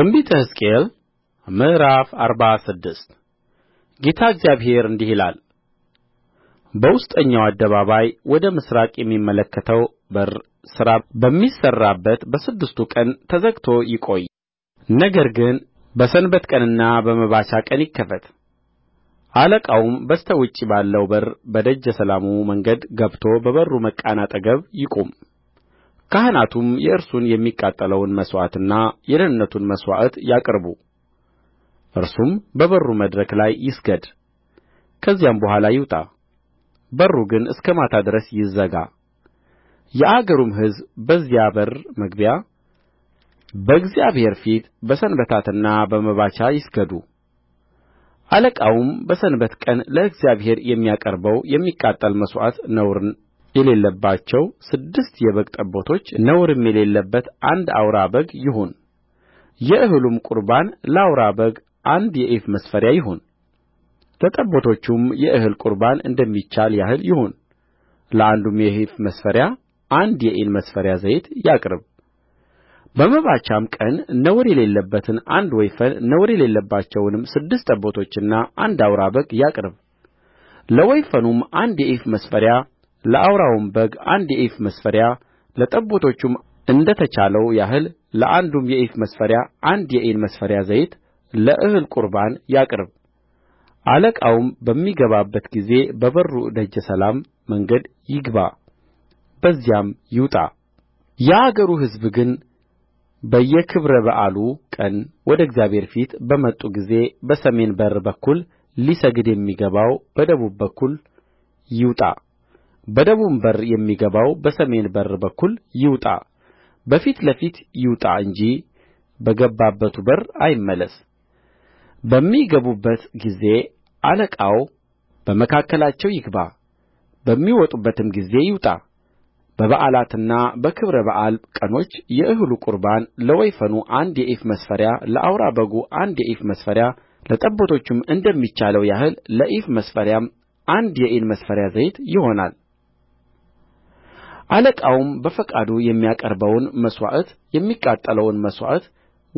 ትንቢተ ሕዝቅኤል ምዕራፍ አርባ ስድስት ጌታ እግዚአብሔር እንዲህ ይላል በውስጠኛው አደባባይ ወደ ምሥራቅ የሚመለከተው በር ሥራ በሚሠራበት በስድስቱ ቀን ተዘግቶ ይቈይ ነገር ግን በሰንበት ቀንና በመባቻ ቀን ይከፈት አለቃውም በስተ ውጭ ባለው በር በደጀ ሰላሙ መንገድ ገብቶ በበሩ መቃን አጠገብ ይቁም ካህናቱም የእርሱን የሚቃጠለውን መሥዋዕትና የደኅንነቱን መሥዋዕት ያቅርቡ እርሱም በበሩ መድረክ ላይ ይስገድ ከዚያም በኋላ ይውጣ በሩ ግን እስከ ማታ ድረስ ይዘጋ የአገሩም ሕዝብ በዚያ በር መግቢያ በእግዚአብሔር ፊት በሰንበታትና በመባቻ ይስገዱ አለቃውም በሰንበት ቀን ለእግዚአብሔር የሚያቀርበው የሚቃጠል መሥዋዕት ነውር የሌለባቸው ስድስት የበግ ጠቦቶች ነውርም የሌለበት አንድ አውራ በግ ይሁን የእህሉም ቍርባን ለአውራ በጉ አንድ የኢፍ መስፈሪያ ይሁን ለጠቦቶቹም የእህል ቍርባን እንደሚቻል ያህል ይሁን ለአንዱም የኢፍ መስፈሪያ አንድ የኢን መስፈሪያ ዘይት ያቅርብ በመባቻም ቀን ነውር የሌለበትን አንድ ወይፈን ነውር የሌለባቸውንም ስድስት ጠቦቶችና አንድ አውራ በግ ያቅርብ ለወይፈኑም አንድ የኢፍ መስፈሪያ ለአውራውም በግ አንድ የኢፍ መስፈሪያ ለጠቦቶቹም እንደ ተቻለው ያህል ለአንዱም የኢፍ መስፈሪያ አንድ የኢን መስፈሪያ ዘይት ለእህል ቍርባን ያቅርብ አለቃውም በሚገባበት ጊዜ በበሩ ደጀ ሰላም መንገድ ይግባ በዚያም ይውጣ የአገሩ ሕዝብ ግን በየክብረ በዓሉ ቀን ወደ እግዚአብሔር ፊት በመጡ ጊዜ በሰሜን በር በኩል ሊሰግድ የሚገባው በደቡብ በኩል ይውጣ በደቡብም በር የሚገባው በሰሜን በር በኩል ይውጣ በፊት ለፊት ይውጣ እንጂ በገባበቱ በር አይመለስ በሚገቡበት ጊዜ አለቃው በመካከላቸው ይግባ በሚወጡበትም ጊዜ ይውጣ በበዓላትና በክብረ በዓል ቀኖች የእህሉ ቍርባን ለወይፈኑ አንድ የኢፍ መስፈሪያ ለአውራ በጉ አንድ የኢፍ መስፈሪያ ለጠቦቶቹም እንደሚቻለው ያህል ለኢፍ መስፈሪያም አንድ የኢን መስፈሪያ ዘይት ይሆናል አለቃውም በፈቃዱ የሚያቀርበውን መሥዋዕት የሚቃጠለውን መሥዋዕት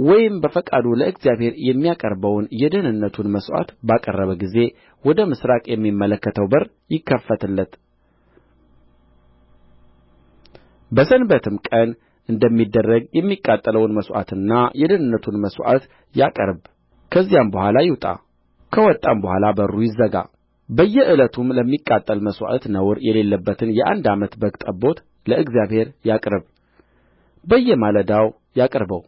ወይም በፈቃዱ ለእግዚአብሔር የሚያቀርበውን የደኅንነቱን መሥዋዕት ባቀረበ ጊዜ ወደ ምሥራቅ የሚመለከተው በር ይከፈትለት በሰንበትም ቀን እንደሚደረግ የሚቃጠለውን መሥዋዕትና የደኅንነቱን መሥዋዕት ያቅርብ ከዚያም በኋላ ይውጣ ከወጣም በኋላ በሩ ይዘጋ በየዕለቱም ለሚቃጠል መሥዋዕት ነውር የሌለበትን የአንድ ዓመት በግ ጠቦት ለእግዚአብሔር ያቅርብ በየማለዳው ያቅርበው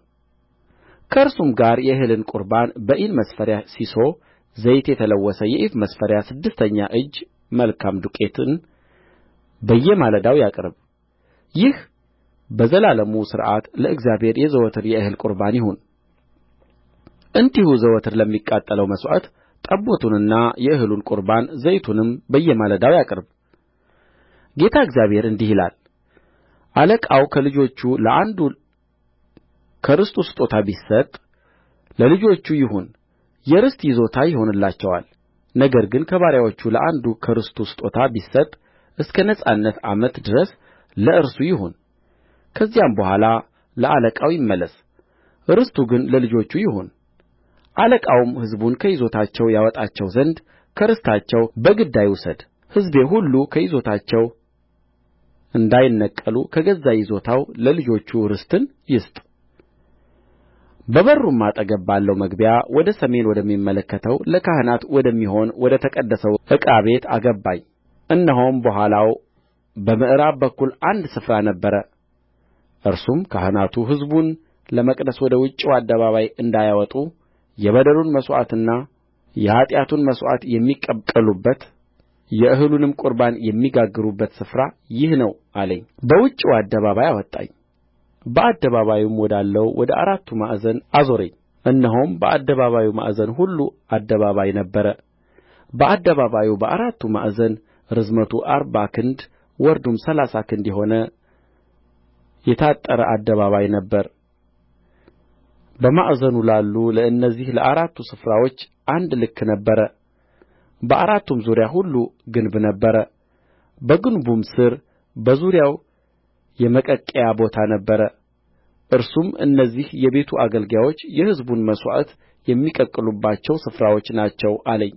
ከእርሱም ጋር የእህልን ቍርባን በኢን መስፈሪያ ሢሶ ዘይት የተለወሰ የኢፍ መስፈሪያ ስድስተኛ እጅ መልካም ዱቄትን በየማለዳው ያቅርብ ይህ በዘላለሙ ሥርዓት ለእግዚአብሔር የዘወትር የእህል ቍርባን ይሁን እንዲሁ ዘወትር ለሚቃጠለው መሥዋዕት ጠቦቱንና የእህሉን ቍርባን ዘይቱንም በየማለዳው ያቅርብ ጌታ እግዚአብሔር እንዲህ ይላል አለቃው ከልጆቹ ለአንዱ ከርስቱ ስጦታ ቢሰጥ ለልጆቹ ይሁን የርስት ይዞታ ይሆንላቸዋል ነገር ግን ከባሪያዎቹ ለአንዱ ከርስቱ ስጦታ ቢሰጥ እስከ ነጻነት ዓመት ድረስ ለእርሱ ይሁን ከዚያም በኋላ ለአለቃው ይመለስ ርስቱ ግን ለልጆቹ ይሁን አለቃውም ሕዝቡን ከይዞታቸው ያወጣቸው ዘንድ ከርስታቸው በግድ አይውሰድ ሕዝቤ ሁሉ ከይዞታቸው እንዳይነቀሉ ከገዛ ይዞታው ለልጆቹ ርስትን ይስጥ በበሩም አጠገብ ባለው መግቢያ ወደ ሰሜን ወደሚመለከተው ለካህናት ወደሚሆን ወደ ተቀደሰው ዕቃ ቤት አገባኝ እነሆም በኋላው በምዕራብ በኩል አንድ ስፍራ ነበረ እርሱም ካህናቱ ሕዝቡን ለመቅደስ ወደ ውጭው አደባባይ እንዳያወጡ የበደሉን መሥዋዕትና የኃጢአቱን መሥዋዕት የሚቀቅሉበት የእህሉንም ቍርባን የሚጋግሩበት ስፍራ ይህ ነው አለኝ በውጭው አደባባይ አወጣኝ በአደባባዩም ወዳለው ወደ አራቱ ማዕዘን አዞረኝ እነሆም በአደባባዩ ማዕዘን ሁሉ አደባባይ ነበረ በአደባባዩ በአራቱ ማዕዘን ርዝመቱ አርባ ክንድ ወርዱም ሠላሳ ክንድ የሆነ የታጠረ አደባባይ ነበረ በማዕዘኑ ላሉ ለእነዚህ ለአራቱ ስፍራዎች አንድ ልክ ነበረ በአራቱም ዙሪያ ሁሉ ግንብ ነበረ በግንቡም ሥር በዙሪያው የመቀቀያ ቦታ ነበረ እርሱም እነዚህ የቤቱ አገልጋዮች የሕዝቡን መሥዋዕት የሚቀቅሉባቸው ስፍራዎች ናቸው አለኝ